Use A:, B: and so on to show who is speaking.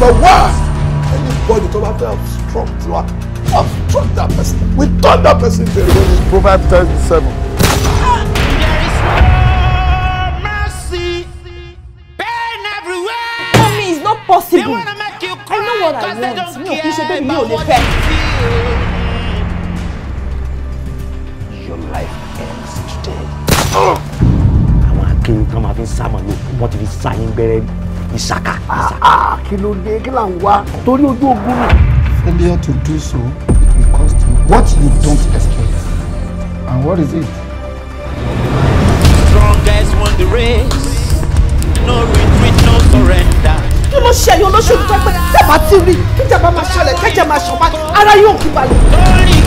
A: number worst. anybody tó bá fẹ́ obstruct wa obstruct that person we turn that person to a religious proverb ten seven.
B: possible. I know what I want. Mi ò kì í ṣe bẹ́ẹ̀ mi ò lè fẹ́.
C: Your life ends today. Àwọn akéwì kan máa fi ń sá màlúù, wọ́n ti fi sá yín buried ìsàkà. Ah, ah,
D: kí ló dé kí là ń wá torí ojú ogun náà. failure to
A: do so it will cost you what you don't expect and what is it. strongest won the race
B: no retreat no surrender.
D: kí ló ṣe ẹ̀yin olóṣèlú tó pẹ́ tẹ́bà tí rí kíjàmbá máa ṣẹlẹ̀ kẹ́jẹ̀ máa ṣọ̀pá ara yóò kí balẹ̀.